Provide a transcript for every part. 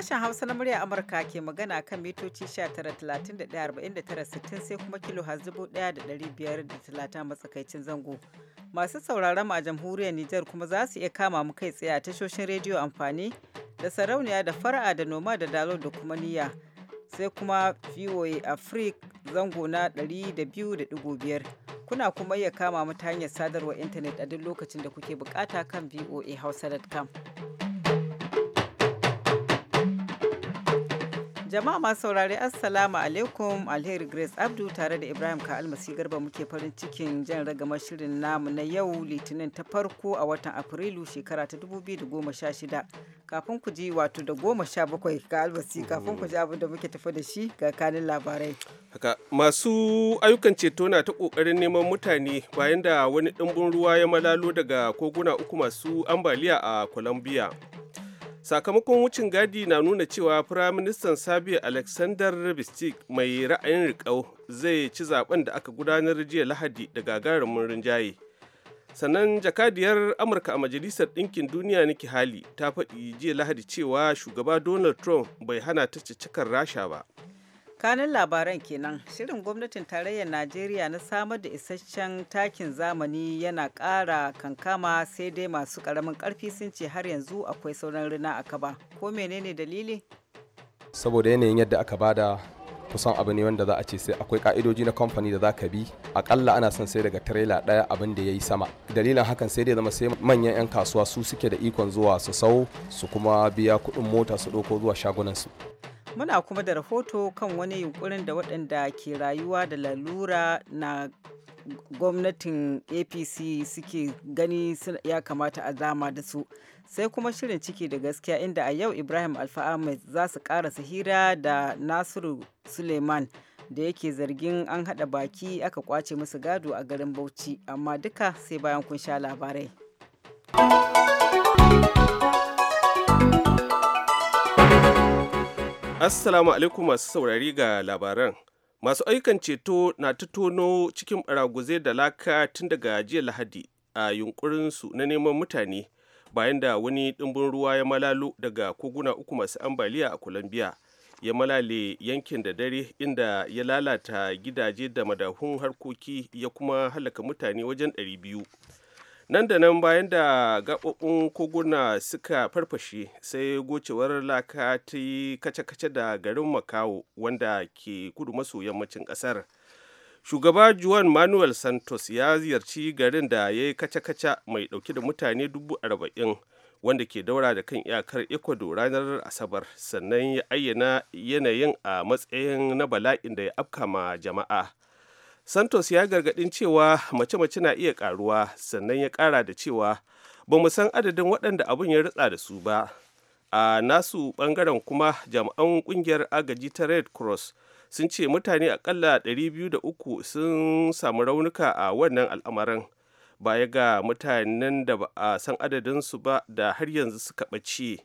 Sashen Hausa na murya Amurka ke magana kan mitoci 19,31,49,60 sai kuma kilo hazibu 1,530 matsakaicin zango. Masu sauraron mu a jamhuriyar Nijar kuma za su iya kama mu kai tsaye a tashoshin rediyo amfani da sarauniya da fara'a da noma da dalo da kuma niyya. Sai kuma VOA Africa zango na 200.5 kuna kuma iya kama mu ta hanyar sadarwar intanet a duk lokacin da kuke bukata kan voahausa.com. Jama'a masu saurare Assalamu alaikum Alheri Grace Abdu tare da Ibrahim ka almasi Garba muke farin cikin jan ragama shirin namu na yau Litinin ta farko a watan Afrilu shekara ta 2016 kafin ku ji wato da goma sha bakwai ga albasi kafin ku ji abin da muke tafi da shi ga kanin labarai. Haka masu ayyukan ceto na ta kokarin neman mutane bayan da wani ɗimbin ruwa ya malalo daga koguna uku masu ambaliya a Colombia. sakamakon wucin gadi na nuna cewa firaministan sabiya alexander bistik mai ra'ayin riƙau zai ci zaben da aka gudanar jiya lahadi da gagarumin rinjaye sannan jakadiyar amurka a majalisar ɗinkin duniya niki hali ta faɗi jiya lahadi cewa shugaba donald trump bai hana ta cikar rasha ba kanin labaran kenan shirin gwamnatin tarayyar najeriya na samar da isasshen takin zamani yana ƙara kankama sai dai masu karamin karfi sun ce har yanzu akwai sauran rina a kaba ko menene dalili saboda yanayin yadda aka bada kusan abu ne wanda za a ce sai akwai ka'idoji na kamfani da za ka bi akalla ana son sai daga tarela ɗaya abin da ya yi sama dalilin hakan sai dai zama sai manyan 'yan kasuwa su suke da ikon zuwa su sau su kuma biya kuɗin mota su ɗauko zuwa shagunansu Muna kuma da rahoto kan wani yunkurin da waɗanda ke rayuwa da lalura na gwamnatin APC suke gani ya kamata a zama da su. Sai kuma shirin ciki da gaskiya inda a yau Ibrahim Ahmed za su su hira da Nasiru Suleiman da yake zargin an haɗa baki aka kwace musu gado a garin Bauchi amma duka sai bayan kun sha labarai. Assalamu alaikum masu saurari ga labaran. Masu aikan ceto na ta tono cikin ɓaraguzai da laka tun daga jiya Lahadi a yunkurin su na neman mutane bayan da wani ɗimbin ruwa ya malalo daga koguna uku masu ambaliya a Colombia. Ya malale yankin da dare inda ya lalata gidaje da madahun harkoki ya kuma halaka mutane wajen 200. nan da nan bayan da gaɓoɓin koguna suka farfashe sai gocewar laka ta yi kace-kace da garin makawo wanda ke kudu maso yammacin ƙasar shugaba juan manuel santos ya ziyarci garin da ya yi kace-kace mai ɗauki da mutane dubu arba'in wanda ke daura da kan iyakar ecuador ranar asabar sannan ya ayyana yanayin a matsayin na bala'in da ya afkama jama'a santos ya gargadin cewa mace-mace na iya karuwa sannan ya kara da cewa ba mu san adadin waɗanda abin ya ritsa da su ba a nasu ɓangaren kuma jami'an ƙungiyar agaji ta red cross sun ce mutane akalla 203 sun samu raunuka a wannan al'amarin ya ga mutanen da ba a san adadinsu ba da har yanzu suka ɓace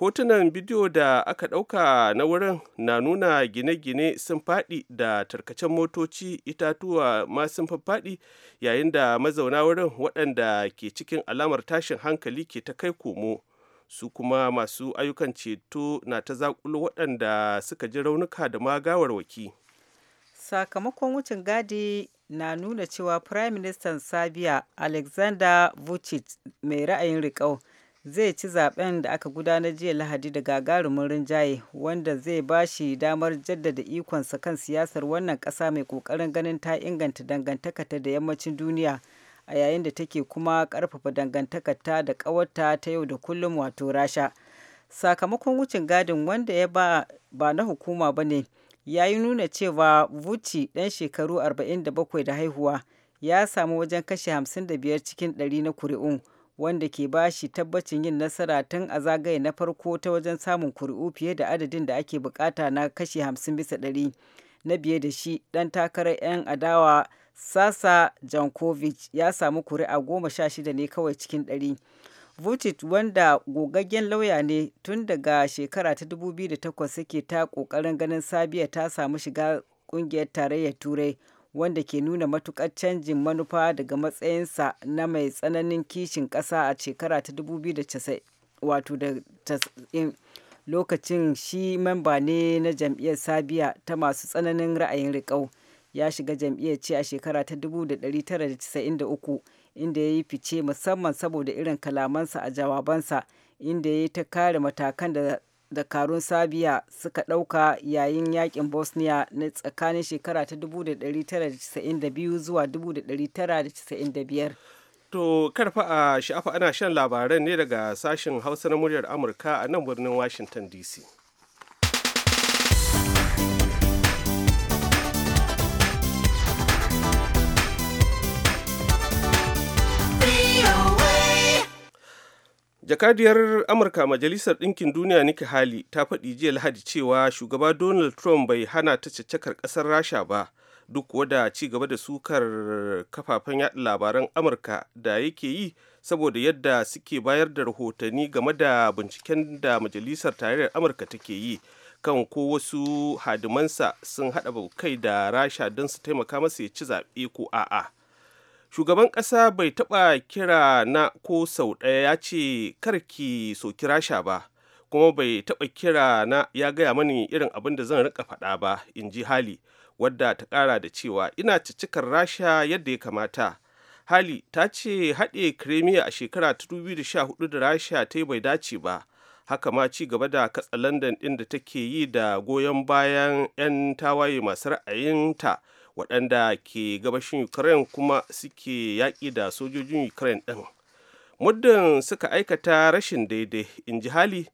hotunan bidiyo da aka ɗauka na wurin na nuna gine-gine sun faɗi da tarkacen motoci itatuwa ma sun faɗi yayin da mazauna wurin waɗanda ke cikin alamar tashin hankali ke ta kai komo su kuma masu ayyukan ceto na ta zakulo waɗanda suka ji raunuka da ma gawarwaki sakamakon wucin gadi na nuna cewa prime minister serbia alexander vucic mai ra'ayin riƙau zai ci zaben da aka gudanar jiya lahadi da gagarumin rinjaye wanda zai ba shi damar jaddada ikonsa kan siyasar wannan kasa mai kokarin ganin ta inganta dangantakata da yammacin duniya a yayin da take kuma karfafa ta da ƙawarta ta yau da kullum wato rasha sakamakon wucin gadin wanda ya ba ba na hukuma ba ne ya yi nuna cewa vuci ɗan shekaru 47 da haihuwa ya samu wajen kashe 55 cikin 100 na kuri'un wanda ke bashi tabbacin yin nasara tun a zagaye na farko ta wajen samun kuri'u fiye da adadin da ake bukata na kashi 50 bisa ɗari. Na biye da shi ɗan takarar 'yan adawa Sasa Jankovic ya samu kuri'a goma sha shida ne kawai cikin ɗari. Vucic wanda gogaggen lauya ne tun daga shekara ta 2008 suke ta ƙoƙarin ganin Sabiya ta samu shiga ƙungiyar tarayyar Turai wanda ke nuna matukar canjin manufa daga matsayinsa na mai tsananin kishin ƙasa a shekara ta 2090 lokacin shi memba ne na jam'iyyar sabiya ta masu tsananin ra'ayin rikau ya shiga jam'iyyar ce a shekara ta 1993 inda ya yi fice musamman saboda irin kalamansa a jawabansa inda ya yi ta kare matakan da dakarun sabiya suka ɗauka yayin yakin bosnia na tsakanin shekara ta 1992 zuwa 1995 to karfa a sha'afa ana shan labaran ne daga sashen hausa na muryar amurka a nan birnin washington dc jakadiyar amurka majalisar ɗinkin duniya niki hali ta faɗi jiya lahadi cewa shugaba donald trump bai hana ta caccakar ƙasar rasha ba duk wada ci gaba da sukar kafafen yaɗa labaran amurka da yake yi saboda yadda suke bayar da rahotanni game da binciken da majalisar tarayyar amurka take yi kan ko wasu hadimansa sun haɗa kai da rasha don su taimaka masa ya ci zaɓe ko a'a. shugaban ƙasa bai taɓa kira na ko sau ɗaya ya ce karki so kira sha ba kuma bai taɓa kira na ya gaya mani irin abin da zan rika faɗa ba in ji hali wadda ta ƙara da cewa ina cicikar rasha yadda ya kamata hali ta ce haɗe kremiya a shekara 2014 da rasha ta yi bai dace ba haka ma ci gaba da katsa london ɗin da take yi da goyon bayan 'yan tawaye masu ra'ayinta waɗanda ke gabashin ukraine kuma suke yaƙi da sojojin ukraine ɗin muddin suka aikata rashin daidai in ji hali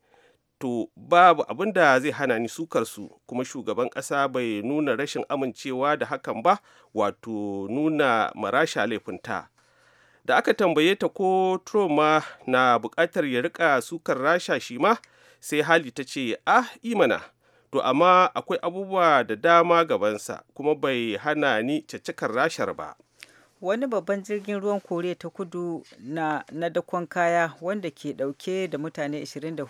to babu abin da zai hana ni sukarsu kuma shugaban ƙasa bai nuna rashin amincewa da hakan ba wato nuna marasha laifinta da aka tambaye ta ko troma na buƙatar ya rika sukar rasha shi ma sai hali ta ce ah imana to amma akwai abubuwa da dama gabansa kuma bai hana ni caccakar rashar ba wani babban jirgin ruwan koriya ta kudu na, na dakon kaya wanda ke dauke da mutane 24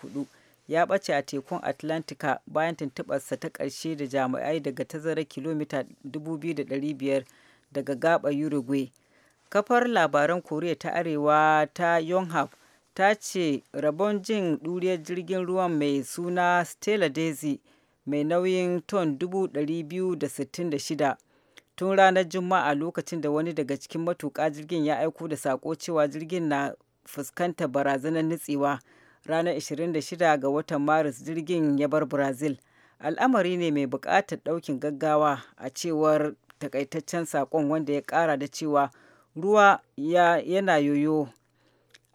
ya ɓace a tekun atlantika bayan tuntubarsa ta ƙarshe da jami'ai daga tazara kilomita 2,500 daga gaba uruguay kafar labaran koriya ta arewa ta yonhap ta ce rabon jin ɗuriyar jirgin ruwan mai suna stella daisy mai nauyin ton 266 tun ranar juma'a lokacin da wani daga cikin matuƙa jirgin ya aiko da sako cewa jirgin na fuskantar barazanar nutsewa ranar 26 ga watan maris jirgin ya bar brazil al'amari ne mai buƙatar ɗaukin gaggawa a cewar takaitaccen sakon wanda ya ƙara da cewa ruwa yana yoyo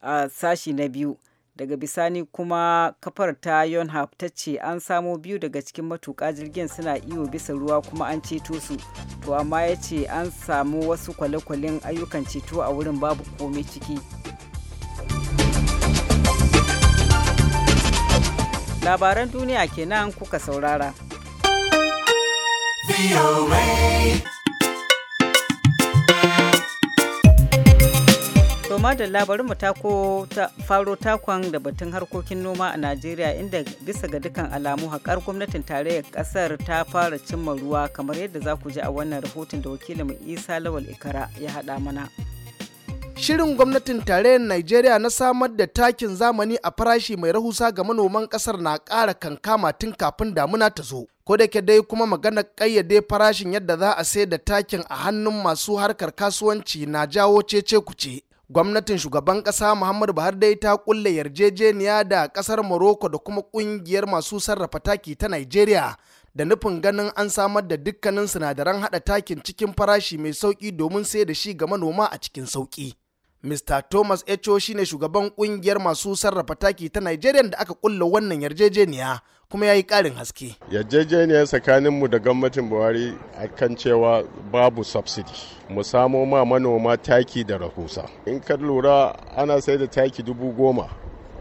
a sashi na biyu daga bisani kuma kafar ta yonhap ta ce an samo biyu daga cikin matuƙa jirgin suna iyo bisa ruwa kuma an ceto su to amma ya ce an samu wasu kwalekwalen ayyukan ceto a wurin babu komai ciki labaran duniya kenan kuka saurara. madalla bari mu tako faro takon da batun harkokin noma a Najeriya inda bisa ga dukkan alamu hakar gwamnatin tarayyar kasar ta fara cimma ruwa kamar yadda za ku ji a wannan rahoton da wakilin Isa Lawal Ikara ya haɗa mana. Shirin gwamnatin tarayyar Najeriya na samar da takin zamani a farashi mai rahusa ga manoman ƙasar na ƙara kankama tun kafin damuna ta zo. ko da dai kuma magana ƙayyade farashin yadda za a sai da takin a hannun masu harkar kasuwanci na jawo cece kuce gwamnatin shugaban ƙasa muhammadu buhari dai ta kulle yarjejeniya da ƙasar morocco da kuma ƙungiyar masu sarrafa taki ta nigeria da nufin ganin an samar da dukkanin sinadaran haɗa takin cikin farashi mai sauƙi domin sai da shi ga manoma a cikin sauƙi. Mr. Thomas Echo shine shugaban kungiyar masu sarrafa taki ta Nigeria da aka kulle wannan yarjejeniya kuma ya yi ƙarin haske. Yarjejeniya tsakaninmu da gwamnatin Buhari a kan cewa babu subsidy. Mu samo ma manoma taki da rahusa. In ka lura ana sai da taki dubu goma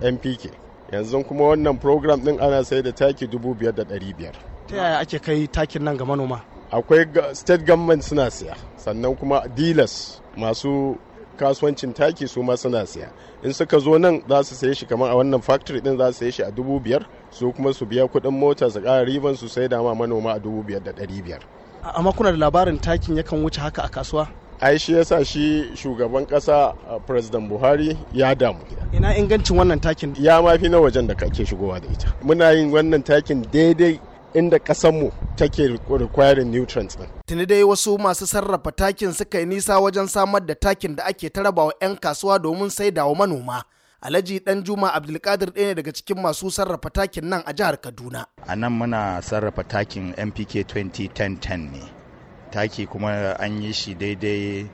NPK. Yanzu kuma wannan program ɗin ana sai da taki dubu biyar da ɗari biyar. Ta yaya ake kai takin nan ga manoma? Akwai state government suna siya, sannan kuma dealers masu kasuwancin taki su ma suna siya in suka zo nan za su saye shi kamar a wannan factory din za su saye shi a dubu biyar su kuma su biya kuɗin mota su ƙara riban su sai dama manoma a dubu biyar da ɗari biyar. amma kuna da labarin takin yakan wuce haka a kasuwa ai shi yasa shi shugaban kasa uh, president buhari ya damu ina ingancin wannan takin ya mafi na wajen da kake shigowa da ita muna yin wannan takin daidai inda kasanmu take requiring nutrients din. Tuni dai wasu masu sarrafa takin suka yi nisa wajen samar da takin da ake tarabawa 'yan kasuwa domin saida wa manoma. Alhaji Dan Juma Abdulkadir ɗaya ne daga cikin masu sarrafa takin nan a jihar Kaduna. A nan muna sarrafa takin MPK 2010 ne. Taki kuma an yi shi daidai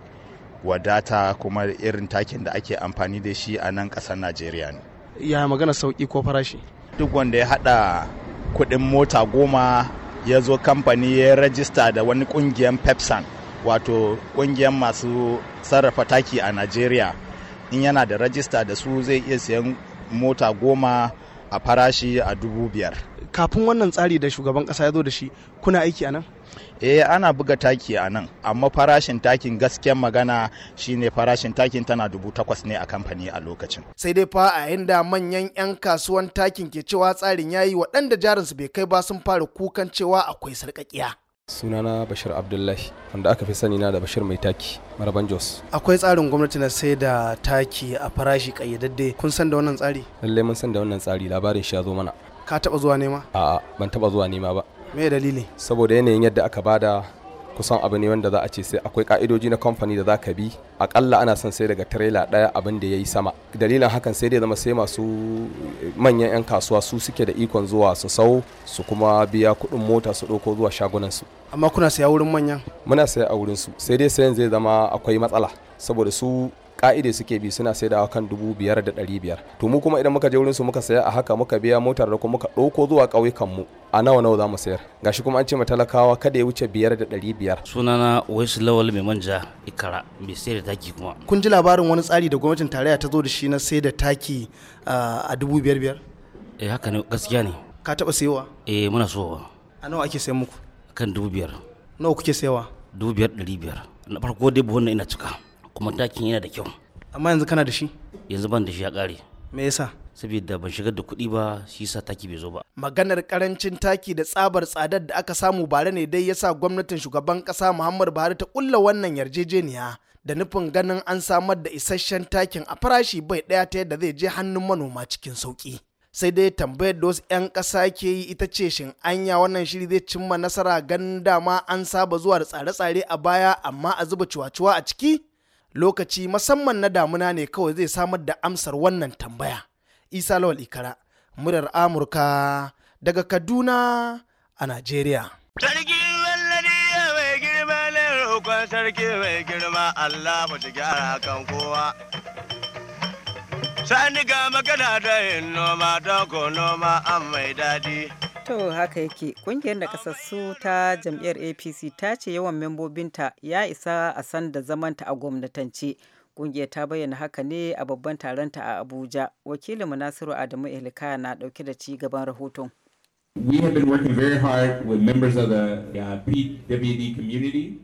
wadata kuma irin takin da ake amfani da shi a nan ƙasar Najeriya ne. Ya magana sauƙi ko farashi? Duk wanda ya haɗa kuɗin mota goma ya zo kamfani ya rajista da wani ƙungiyar Pepsan wato ƙungiyar masu sarrafa taki a Najeriya. in yana da rajista da su zai iya sayan mota goma a farashi a dubu biyar kafin wannan tsari da shugaban kasa ya zo da shi kuna aiki a nan eh ana buga taki a nan amma farashin takin gasken magana shine farashin takin tana dubu takwas ne a kamfani a lokacin sai dai fa a da manyan 'yan kasuwan takin ke cewa tsarin yayi waɗanda jarinsu bai kai ba sun fara kukan cewa akwai sarƙaƙiya sunana bashir abdullahi wanda aka fi sani na da bashir mai taki maraban jos akwai tsarin gwamnati na sai da taki a farashi kayyadadde kun san da wannan tsari lallai mun san da wannan tsari labarin shi ya zo mana ka taba zuwa nema a'a ban taba zuwa nema ba me dalili saboda yanayin yadda aka bada kusan abu ne wanda za a ce sai akwai ka'idoji na kamfani da za ka bi akalla ana son sai daga tirela ɗaya abin da ya yi sama dalilin hakan sai dai zama sai masu eh, manyan 'yan kasuwa su suke da ikon zuwa su sau su kuma biya kuɗin mota su ɗauko zuwa shagunansu amma kuna saya wurin manyan muna saya a wurin su sai dai sayan zai zama akwai matsala saboda su ka'ide suke bi suna sai da kan dubu biyar da ɗari biyar to mu kuma idan muka je wurinsu muka saya a haka muka biya motar da kuma muka ɗauko zuwa ƙauyukan mu a nawa nawa za mu sayar gashi kuma an ce talakawa kada ya wuce biyar da ɗari biyar. sunana waisu lawal mai manja ikara mai sai da taki kuma. kun ji labarin wani tsari da gwamnatin tarayya ta zo da shi na sai da taki a dubu biyar biyar. eh haka ne gaskiya ne. ka taɓa sayowa. eh muna so. a nawa ake sayan muku. kan dubu biyar. nawa kuke sayowa dubu biyar ɗari biyar na farko dai buhun ina cika. kuma takin yana da kyau amma yanzu kana da shi yanzu ban da shi ya ƙare me yasa saboda ban shigar da kuɗi ba shi yasa taki bai zo ba maganar karancin taki da tsabar tsadar da aka samu bare ne dai yasa gwamnatin shugaban ƙasa muhammad Buhari ta kulla wannan yarjejeniya da nufin ganin an samar da isasshen takin a farashi bai ɗaya ta yadda zai je hannun manoma cikin sauƙi sai dai tambayar da wasu 'yan ƙasa ke yi ita ce shin anya wannan shiri zai cimma nasara ganin dama an saba zuwa da tsare-tsare a baya amma a zuba cuwa-cuwa a ciki lokaci musamman na damuna ne kawai zai samar da amsar wannan tambaya isa lawal ikara murar amurka daga kaduna a najeriya sarki mai girma Allah gyara kan sani ga magana da yin noma don ko noma an mai daɗi To haka yake kungiyar da kasassu ta jam'iyyar APC ta ce yawan membobinta ya isa a san da zamanta a gwamnatance. Kungiyar ta bayyana haka ne a babban taron ta a Abuja. Wakilin Nasiru Adamu Elika na dauke da ci gaban rahoton. We have been working very hard with members of the uh, PWD community.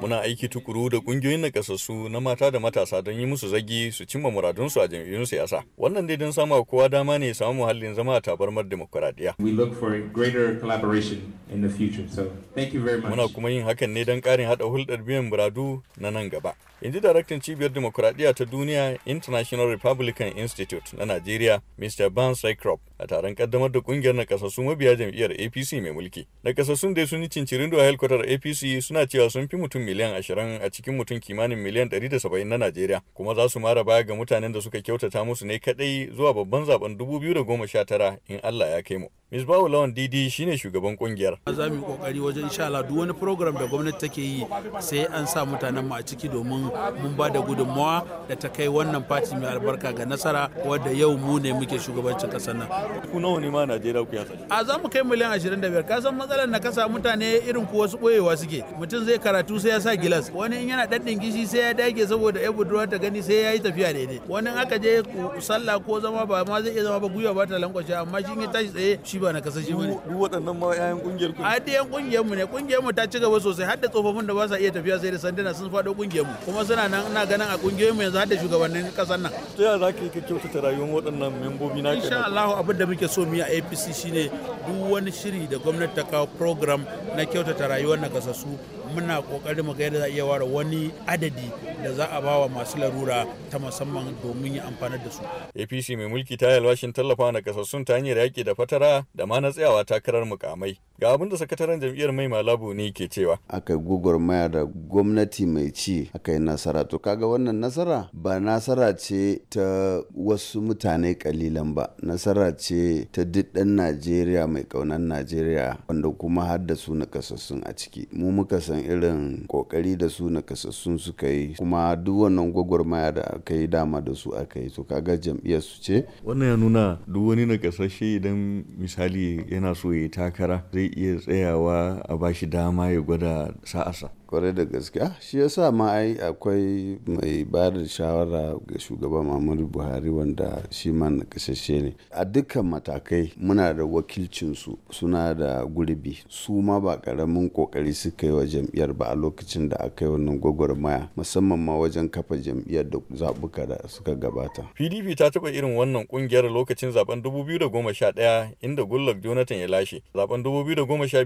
Muna aiki tukuru da kungiyoyin nakasassu na mata da matasa don yi musu zagi su cimma muradunsu a jam'iyyun siyasa. Wannan dai don sama kowa dama ne samu muhallin zama a tabarmar demokuraɗiyya. We look for greater collaboration in the future. So, thank you very much. Muna kuma yin hakan ne don ƙarin haɗa hulɗar biyan muradu na nan gaba. Inji ji daraktan cibiyar demokuraɗiyya ta duniya International Republican Institute na Najeriya, Mr. Barnes Rycroft. a taron kaddamar da kungiyar nakasassu mabiya jam'iyyar APC mai mulki. Nakasassun dai sun yi cincirin da helkwatar APC suna cewa sun fi mutum miliyan ashirin a cikin mutum kimanin miliyan ɗari da saba'in na Najeriya kuma za su mara baya ga mutanen da suka kyautata musu ne kaɗai zuwa babban zaben dubu biyu da goma sha tara in Allah ya kai mu. Misbahu Lawan Didi shine shugaban kungiyar. Za mu yi kokari wajen insha Allah duk wani program da gwamnati take yi sai an sa mutanen mu a ciki domin mun ba da gudunmawa da ta kai wannan fati mai albarka ga nasara wadda yau mu ne muke shugabancin kasar nan. Ku nawa ne ma Najeriya ku yasa? A za mu kai miliyan 25 ka san matsalar na kasa mutane irin ku wasu boyewa suke. Mutum zai karatu sai ya sa gilas wani in yana daddin gishi sai ya dage saboda ya budurwa ta gani sai ya yi tafiya daidai. Wani aka je sallah ko zama ba ma zai iya zama ba gwiwa ba ta lankwashe amma shi in ya tashi tsaye shi ba na kasashe bane duk waɗannan ma yayan ƙungiyar ku a yadda yan ƙungiyar mu ne ƙungiyar mu ta ci gaba sosai har da tsofaffin da ba sa iya tafiya sai da sanduna sun faɗo ƙungiyar mu kuma suna nan ina ganin a ƙungiyoyin mu yanzu har da shugabannin ƙasar nan to za ka yi ka kyautata rayuwar waɗannan membobi na insha Allah abin da muke so mu yi a APC shine duk wani shiri da gwamnati ta kawo program na kyautata rayuwar nakasassu muna kokarin mu ga yadda za a iya ware wani adadi da za a ba wa masu larura ta musamman domin yi amfanar da su. APC mai mulki ta yalwashin tallafa na kasassun ta hanyar yaƙi da fatara da ma na tsayawa takarar mukamai Ga abin da sakataren jam'iyyar mai malabu ne ke cewa. Aka yi gwagwarmaya da gwamnati mai ci aka yi nasara. To kaga wannan nasara ba nasara ce ta wasu mutane kalilan ba. Nasara ce ta diddan Najeriya mai kaunan Najeriya wanda kuma har da su nakasassun a ciki. Mu muka san irin kokari da su nakasassun suka yi kuma duk wannan gwagwarmaya da aka yi dama da su aka yi. To kaga jam'iyyar su ce. Wannan ya nuna duk wani nakasashe idan misali yana so ya yi takara zai iya tsayawa a bashi dama ya gwada sa'arsa kwarai da gaskiya ah, shi yasa ma ai akwai mai ba da shawara ga shugaban muhammadu buhari wanda shi ma nakasashe ne a dukkan matakai muna da wakilcinsu suna da gurbi su ma ba karamin kokari suka yi wa jam'iyyar ba a lokacin da aka yi wannan gwagwarmaya musamman ma wajen kafa jam'iyyar da zabuka da suka gabata pdp ta taba irin wannan kungiyar lokacin zaben 2011 inda gullak jonathan ya lashe zaben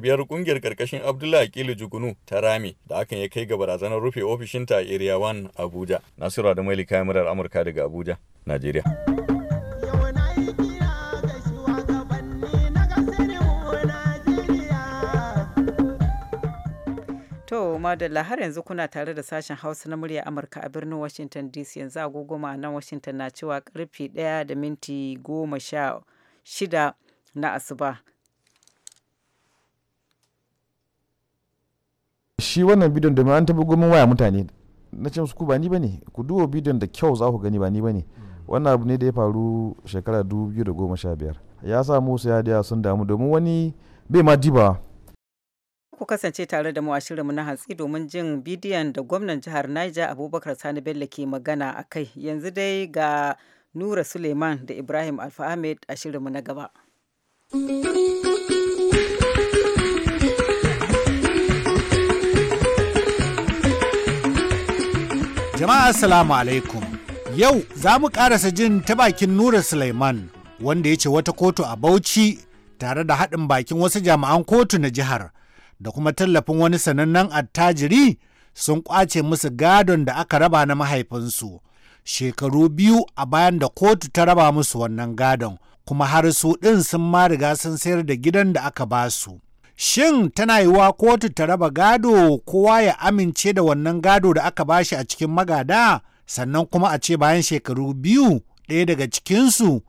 biyar kungiyar karkashin abdullahi akilu jugunu ta rame da hakan ya kai ga barazanar rufe ofishin ta Area 1 Abuja. Nasiru Adamaili kayan murar Amurka daga Abuja, Najeriya. To, Madalla har yanzu kuna tare da sashen Hausa na murya Amurka a birnin Washington DC yanzu agogoma nan Washington na cewa karfe 1 da minti goma sha shida na asuba. shi wannan bidiyon domin an taɓa gomin waya mutane na ce musu ku ba ni ba ne ku duwa bidiyon da kyau za ku gani ba ni ba ne hmm. wannan abu ne da ya faru shekara 2015 ya sa musu ya daya sun damu domin wani bai ma diba ku kasance tare da mu a shirinmu na hatsi domin jin bidiyon da gwamnan jihar Niger Abubakar Sani Bello ke magana a kai yanzu dai ga Nura Suleiman da Ibrahim Alfa Ahmed a shirinmu na gaba. Jama'a Assalamu alaikum. Yau za mu karasa jin ta bakin Nura Suleiman wanda ya ce wata kotu a Bauchi tare da haɗin bakin wasu jami'an kotu na jihar da kuma tallafin wani sanannen attajiri sun kwace musu gadon da aka raba na mahaifinsu. Shekaru biyu a bayan da kotu ta raba musu wannan gadon kuma har su ɗin sun ma riga sun sayar da gidan da aka basu. shin tana yiwuwa kotu ta raba gado kowa ya amince da wannan gado da aka bashi a cikin magada sannan kuma a ce bayan shekaru biyu ɗaya daga cikinsu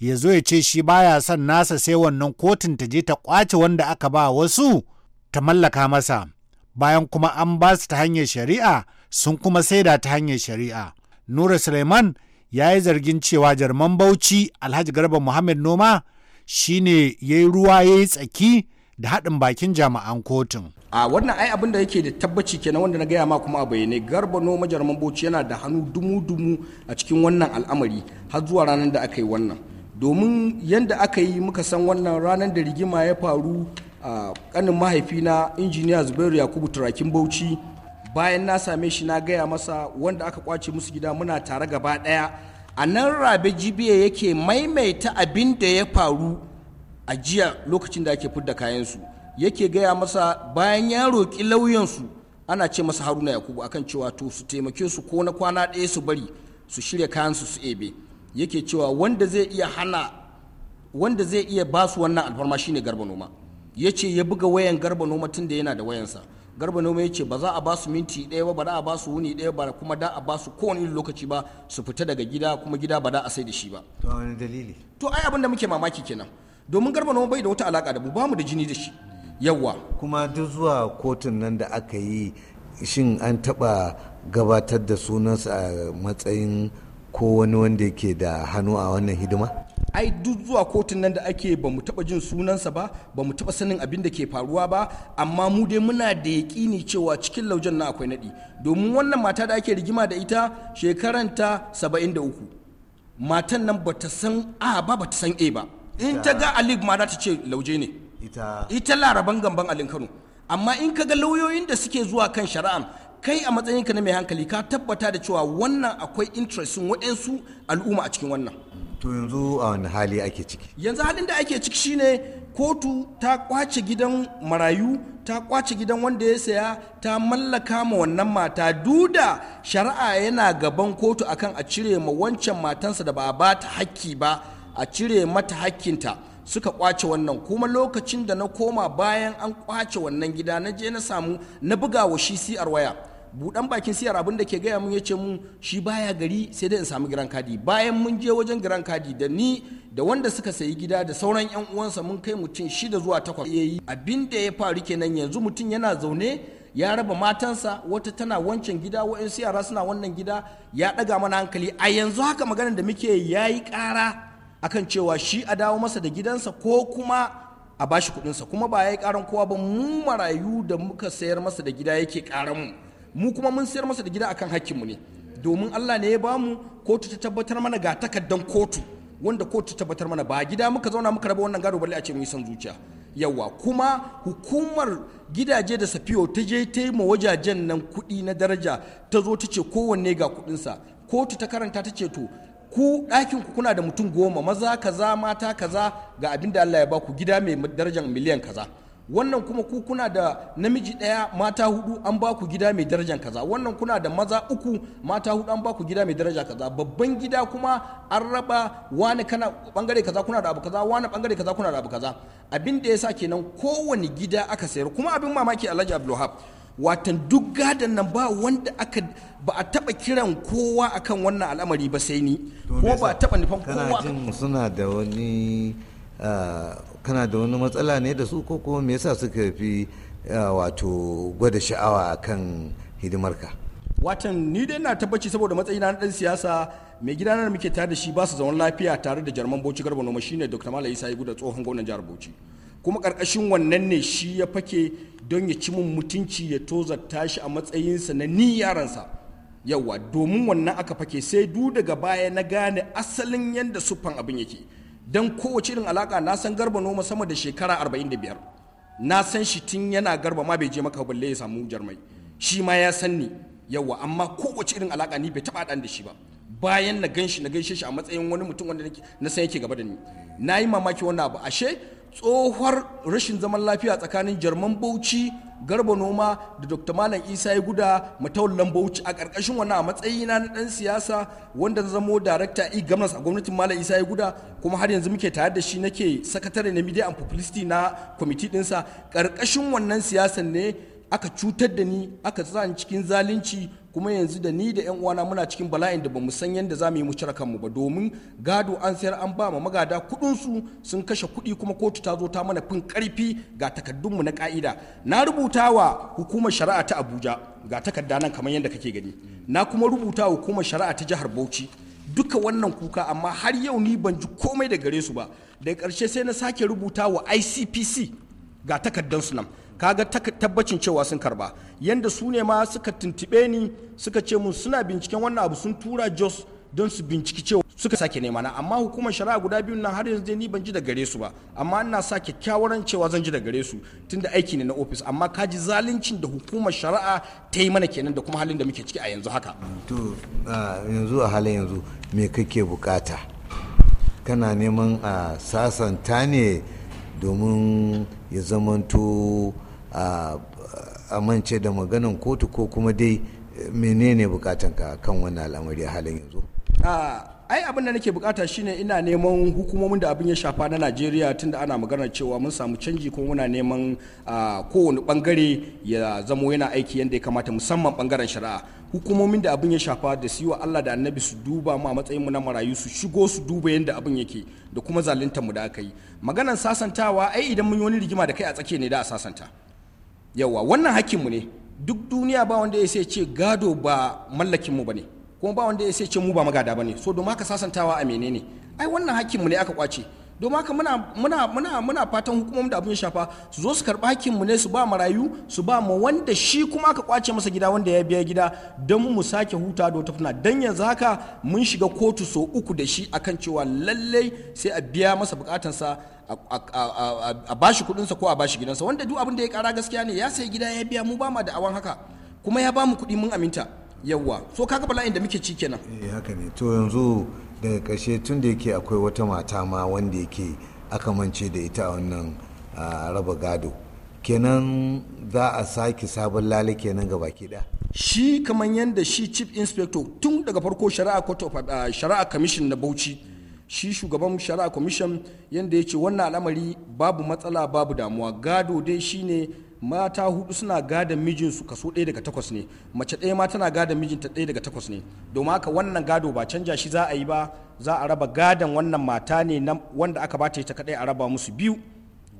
ya zo ya ce shi baya son nasa sai wannan kotun ta je ta kwace wanda aka ba wasu ta mallaka masa bayan kuma an ba su ta hanyar shari'a sun kuma saida ta hanyar shari'a nura suleiman ya yi zargin cewa jarman bauchi alhaji garba muhammad noma shine ya yi ruwa ya yi tsaki da haɗin bakin jami'an kotun. a wannan ai abin da yake da tabbaci kenan wanda na gaya ma kuma a bayyane garba noma jarman bauchi yana da hannu dumu-dumu a cikin wannan al'amari har zuwa ranar da aka yi wannan domin yadda aka yi muka san wannan ranar da rigima ya faru a kanin mahaifina injiniya zubairu yakubu turakin bauchi bayan na same shi na gaya masa wanda aka kwace musu gida muna tare gaba daya a nan rabe jibiya yake maimaita abin da ya faru a jiya lokacin da ake fidda kayansu yake gaya masa bayan ya roƙi lauyansu ana ce masa haruna yakubu akan cewa to su taimake su ko na kwana ɗaya su bari su shirya kayansu su ebe yake cewa wanda zai iya hana wanda zai iya ba su wannan alfarma shine garba noma ya ce ya buga wayan garba noma tun da yana da wayansa garba noma ya ce ba za a ba su minti ɗaya ba ba za a ba su wuni ɗaya ba kuma da a ba su kowane lokaci ba su fita daga gida kuma gida ba da a sai da shi ba to wani dalili to ai abin da muke mamaki kenan domin garba noma bai da wata alaka da mu ba mu da jini da shi yawa kuma duk zuwa kotun nan da aka yi shin an taba gabatar da sunansa a matsayin ko wani wanda yake da hannu a wannan hidima ai duk zuwa kotun nan da ake ba mu taba jin sunansa ba ba mu taba sanin abin da ke faruwa ba amma mu dai muna da yaƙini cewa cikin laujen na akwai naɗi domin wannan mata da ake rigima da ita shekaranta 73 matan nan ba ta san a ba ba ta san a ba in ta ga ali ma za ta ce lauje ne ita laraban gamban alin kano amma in ka ga lauyoyin da suke zuwa kan shari'an kai a matsayinka na mai hankali ka tabbata da cewa wannan akwai interestin waɗansu al'umma a cikin wannan to yanzu a wani hali ake ciki yanzu halin da ake ciki shine kotu ta kwace gidan marayu ta kwace gidan wanda ya saya ta mallaka ma wannan mata duda shari'a yana gaban kotu akan a cire ma wancan matansa da ba a ba ta hakki ba a cire mata hakkinta suka kwace wannan kuma lokacin da na koma bayan an kwace wannan gida na je na samu na buga wa shi siyar waya budan bakin siyar abin da ke gaya mun yace mun shi baya gari sai dai in samu giran kadi bayan mun je wajen giran kadi da ni da wanda suka sayi gida da sauran yan uwansa mun kai mutum shida zuwa takwas yayi abin da ya faru kenan yanzu mutum yana zaune ya raba matansa wata tana wancan gida wa'in yara suna wannan gida ya ɗaga mana hankali a yanzu haka maganar da muke yayi ƙara akan cewa shi a dawo masa da gidansa ko kuma a bashi kuɗinsa kuma ba ya yi ƙaran kowa ba mu marayu da muka sayar masa da gida yake ƙaran mu mu kuma mun sayar masa da gida akan mu ne domin Allah ne ya bamu kotu ta tabbatar mana ga takaddan kotu wanda kotu ta tabbatar mana ba gida muka zauna muka raba wannan gado balle a ce mun yi son zuciya yawa kuma hukumar gidaje da safiyo ta je ta yi ma wajajen nan kuɗi na daraja ta zo ta ce kowanne ga kuɗinsa kotu ta karanta ta ce to ku ɗakin ku kuna da mutum goma maza kaza mata kaza ga abin da Allah ya ba ku gida mai darajar miliyan kaza wannan kuma ku kuna da namiji ɗaya mata hudu an ba ku gida mai darajar kaza wannan kuna da maza uku mata hudu an ba ku gida mai daraja kaza babban gida kuma an raba wani kana bangare kaza kuna da abu kaza wani bangare kaza kuna da abu kaza abin da yasa kenan kowane gida aka sayar kuma abin mamaki Alhaji Abdulwahab watan duk gadon nan ba wanda aka ba a taba kiran kowa akan wannan al'amari ba sai ni ko ba a taba nufan kowa kana suna da wani ah, kana da wani matsala ne da su ko kuma me yasa suka fi ah, wato gwada sha'awa kan hidimarka watan ni dai na tabbaci saboda matsayina na dan siyasa mai gida na muke tare da shi ba su zaman lafiya tare da jarman Bauchi Garba Noma shine Dr. Malam Isa Igu da tsohon gwamnan jihar Bauchi kuma ƙarƙashin wannan ne shi ya fake don ya ci mun mutunci ya toza tashi a matsayinsa na ni yaransa yawa domin wannan aka fake sai du daga baya na gane asalin yadda siffan abin yake don kowace irin alaka na san garba noma sama da shekara 45 na san shi tun yana garba ma bai je maka balle ya samu jarmai shi ma ya san ni yawa amma kowace irin alaka ni bai taba dan da shi ba bayan na ganshi na gaishe shi a matsayin wani mutum wanda na san yake gaba da ni na yi mamaki wannan abu ashe tsohuwar rashin zaman lafiya tsakanin jarman bauchi garba noma da dr malam isa ya guda mataulan bauchi a ƙarƙashin wannan a matsayi na ɗan siyasa wanda zamo darakta e governance a gwamnatin malam isa ya guda kuma har yanzu muke tare da shi nake sakatare na media and publicity na kwamiti ɗinsa ƙarƙashin wannan siyasan ne aka cutar da ni aka tsaya cikin zalunci kuma yanzu da ni da 'yan uwana muna cikin bala'in da bamu san yadda za mu yi mu cire kanmu ba domin gado an sayar an ba ma magada kuɗinsu sun kashe kuɗi kuma kotu ta zo ta mana fin karfi ga takaddunmu na ka'ida na rubuta wa hukumar shari'a ta abuja ga takarda nan kamar yadda kake gani na kuma rubuta wa hukumar shari'a ta jihar bauchi duka wannan kuka amma har yau ni ban ji komai da gare su ba daga ƙarshe sai na sake rubuta wa icpc ga takardansu nan kaga tabbacin cewa sun karba yadda su ne ma suka tuntube ni suka ce mun suna binciken wannan abu sun tura jos don su binciki cewa suka sake nema na amma hukumar shari'a guda biyu nan har yanzu ni ban ji da gare su ba amma ina sa kyakkyawar cewa zan ji da gare su tunda aiki ne na ofis amma ka ji zaluncin da hukumar shari'a ta yi mana kenan da kuma halin da muke ciki a yanzu haka to yanzu a halin yanzu me kake bukata kana neman a sasanta ne domin ya zamanto a amince da maganin kotu ko kuma dai menene bukatanka kan wannan al'amari halin yanzu ai abin da nake bukata shine ina neman hukumomin da abin ya shafa na najeriya tunda ana magana cewa mun samu canji kuma muna neman kowane bangare ya zamo yana aiki yadda ya kamata musamman bangaren shari'a hukumomin da abin ya shafa da su wa allah da annabi su duba mu a matsayin mu na marayu su shigo su duba yadda abin yake da kuma zaluntar mu da aka yi maganar sasantawa ai idan mun yi wani rigima da kai a tsakiya ne da a sasanta yawa wannan hakkinmu ne duk duniya ba wanda ya sai ce gado ba mallakinmu ba ne kuma ba wanda ya sai ce mu ba magada ba ne so domin haka sasantawa a menene ai wannan hakkinmu ne aka kwace domin haka muna muna muna fatan hukumomi da abin shafa su zo su karba hakkin mu ne su ba mu rayu su ba mu wanda shi kuma aka kwace masa gida wanda ya biya gida don mu sake huta da wata funa dan yanzu haka mun shiga kotu so uku da shi akan cewa lallai sai a biya masa bukatansa a bashi kudinsa ko a bashi gidansa wanda duk abin da ya kara gaskiya ne ya sai gida ya biya mu ba ma da awan haka kuma ya ba mu kuɗi mun aminta yawwa so kaga bala'in da muke ci kenan eh haka ne to yanzu daga ƙarshe tun da yake akwai wata mata ma wanda yake aka mance da ita a wannan raba gado kenan za a sake sabon lale kenan gaba baki shi kamar yadda shi chief inspector tun daga farko shari'a shari'a commission na bauchi shi shugaban shari'a commission yadda ya ce wannan al'amari babu matsala babu damuwa gado dai shine mata hudu suna gadon mijinsu kaso ɗaya daga takwas ne mace ɗaya ma tana gadon mijinta ɗaya daga takwas ne domin haka wannan gado ba canja shi za a yi ba za a raba gadon wannan mata ne wanda aka bata ita kaɗai a raba musu biyu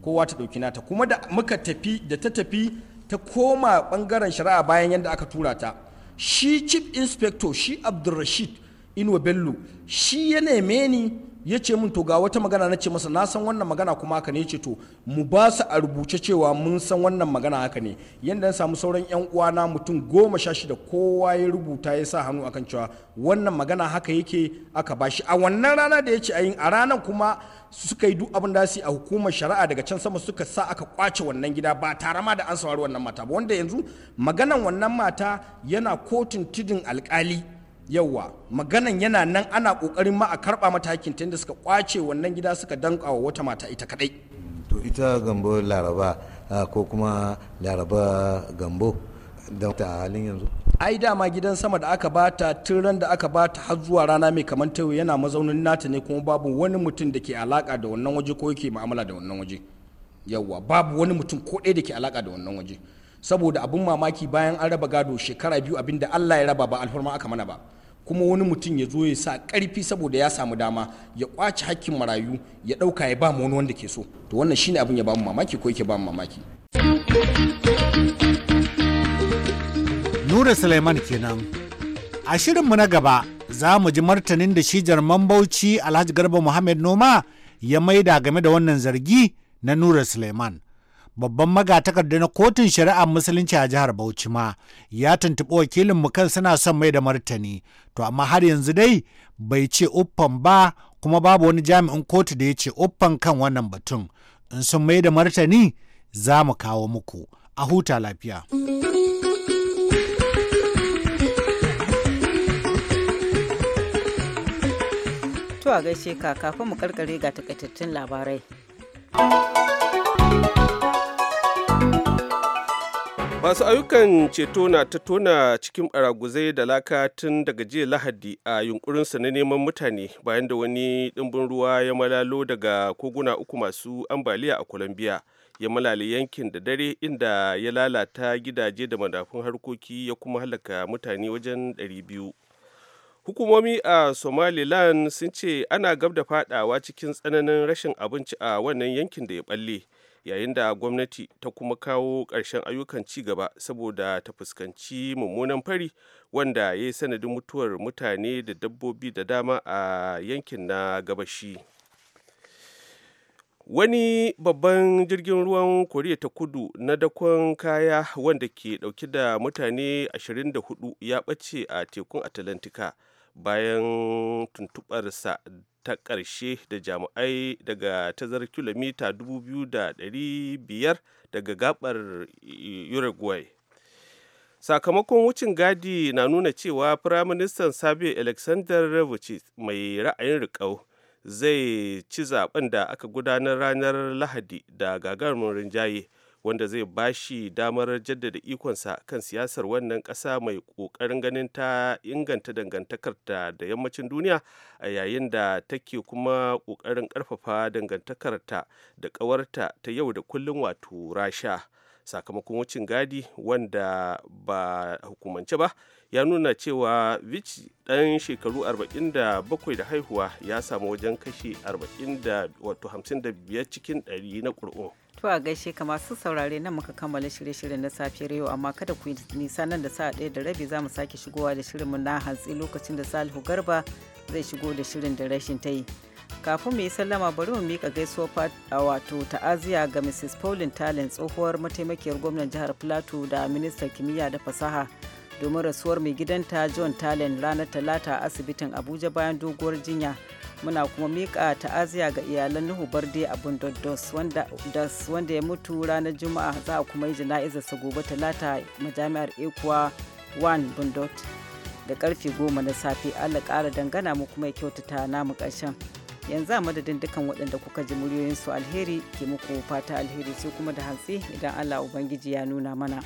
kowa ta ɗauki nata kuma da muka tafi da ta tafi ta koma ɓangaren shari'a bayan yadda aka tura ta shi chief inspector shi abdulrashid inuwa bello shi ya neme ni ya ce min to ga wata magana na ce masa na san wannan magana kuma haka ne ya ce to mu ba su a rubuce cewa mun san wannan magana haka ne yadda na samu sauran yan uwana mutum goma sha shida kowa ya rubuta ya sa hannu akan cewa wannan magana haka yake aka ba shi. a wannan rana da ya ce ayin a ranar kuma suka yi duk abin da su a hukumar shari'a daga can sama suka sa aka kwace wannan gida ba tare ma da an saurari wannan mata ba wanda yanzu maganan wannan mata yana kotun tudun alkali yauwa maganan yana nan ana kokarin ma a karba matakin tunda suka kwace wannan gida suka danka wa wata mata ita kadai to ita gambo laraba ko kuma laraba gambo da ta halin yanzu ai dama gidan sama da aka bata tun ran da aka bata har zuwa rana mai kamar ta yana mazaunin nata ne kuma babu wani mutum da ke alaka da wannan waje ko yake mu'amala da wannan waje yauwa babu wani mutum ko ɗaya da ke alaka da wannan waje saboda abin mamaki bayan an raba gado shekara biyu abin da Allah ya raba ba alfarma aka mana ba kuma wani mutum ya zo ya sa karfi saboda ya samu dama ya kwace hakkin marayu ya ɗauka ya ba mu wani wanda ke so to wannan shine abin ya ba mu mamaki ko yake ba mu mamaki Nura Suleiman kenan a shirin mu na gaba za mu ji martanin da shi jarman Bauchi Alhaji Garba Muhammad Noma ya maida game da wannan zargi na Nura Suleiman. babban magatakarda na kotun shari'ar musulunci a jihar Bauchi ma ya tuntuɓi wakilin mu kan suna son mai da martani to amma har yanzu dai bai ce uffan ba kuma babu wani jami'in kotu da ya ce uffan kan wannan batun in sun mai da martani za mu kawo muku a huta lafiya. tuwa gaishe ka kafin mu karkare ga takaitattun labarai. masu ayyukan ceto na ta tona cikin baraguzai da laka tun daga jiya lahadi a yunkurinsa na neman mutane bayan da wani ɗimbin ruwa ya malalo daga koguna uku masu ambaliya a colombia ya malala yankin da dare inda ya lalata gidaje da madafun harkoki ya kuma halaka mutane wajen 200 hukumomi a somaliland sun ce ana gab da fadawa cikin tsananin rashin abinci a wannan yankin da ya balle yayin da gwamnati ta kuma kawo ƙarshen ayyukan ci gaba saboda ta fuskanci mummunan fari wanda ya yi sanadin mutuwar mutane da dabbobi da dama a yankin na gabashi wani babban jirgin ruwan koriya ta kudu na dakon kaya wanda ke dauke da mutane 24 ya ɓace a tekun atlantika bayan tuntubarsa ta ƙarshe da jami'ai daga tazar kilomita 2,500 daga gabar uruguay sakamakon wucin gadi na nuna cewa firaministan sabi alexander vucic mai ra'ayin riƙau zai ci zaben da aka gudanar ranar lahadi da gagarumin rinjaye wanda zai ba shi damar jaddada ikonsa kan siyasar wannan ƙasa mai ƙoƙarin ganin ta inganta dangantakarta da yammacin duniya a yayin da take kuma ƙoƙarin ƙarfafa dangantakarta da ƙawarta ta yau da kullum wato rasha sakamakon wucin gadi wanda ba hukumance ba ya nuna cewa vich ɗan shekaru 47 da haihuwa ya samu wajen kashe 55 cikin 100 na ƙuri'u. To a gaishe ka masu saurare nan muka kammala shirye-shiryen na safiyar yau amma kada ku nisa nan da sa ɗaya da rabi za mu sake shigowa da shirin mu na hantsi lokacin da Salihu Garba zai shigo da shirin da rashin ta yi. Kafin mu yi sallama bari mu miƙa gaisuwa a wato ta'aziya ga Mrs. Pauline talin tsohuwar mataimakiyar gwamnan jihar Plateau da ministan kimiyya da fasaha domin rasuwar mai gidanta John Talen ranar Talata a asibitin Abuja bayan doguwar jinya. muna kuma miƙa ta'aziya ga iyalan nuhu barde a bundodos wanda ya mutu ranar juma'a za a kuma yi su gobe talata majami'ar ekuwa 1 bundot da karfe goma na safe allah ƙara dangana mu kuma ya kyautata namu ƙarshen yanzu a madadin dukan waɗanda kuka ji muryoyinsu alheri ke muku fata alheri su kuma da hantsi idan allah ubangiji ya nuna mana.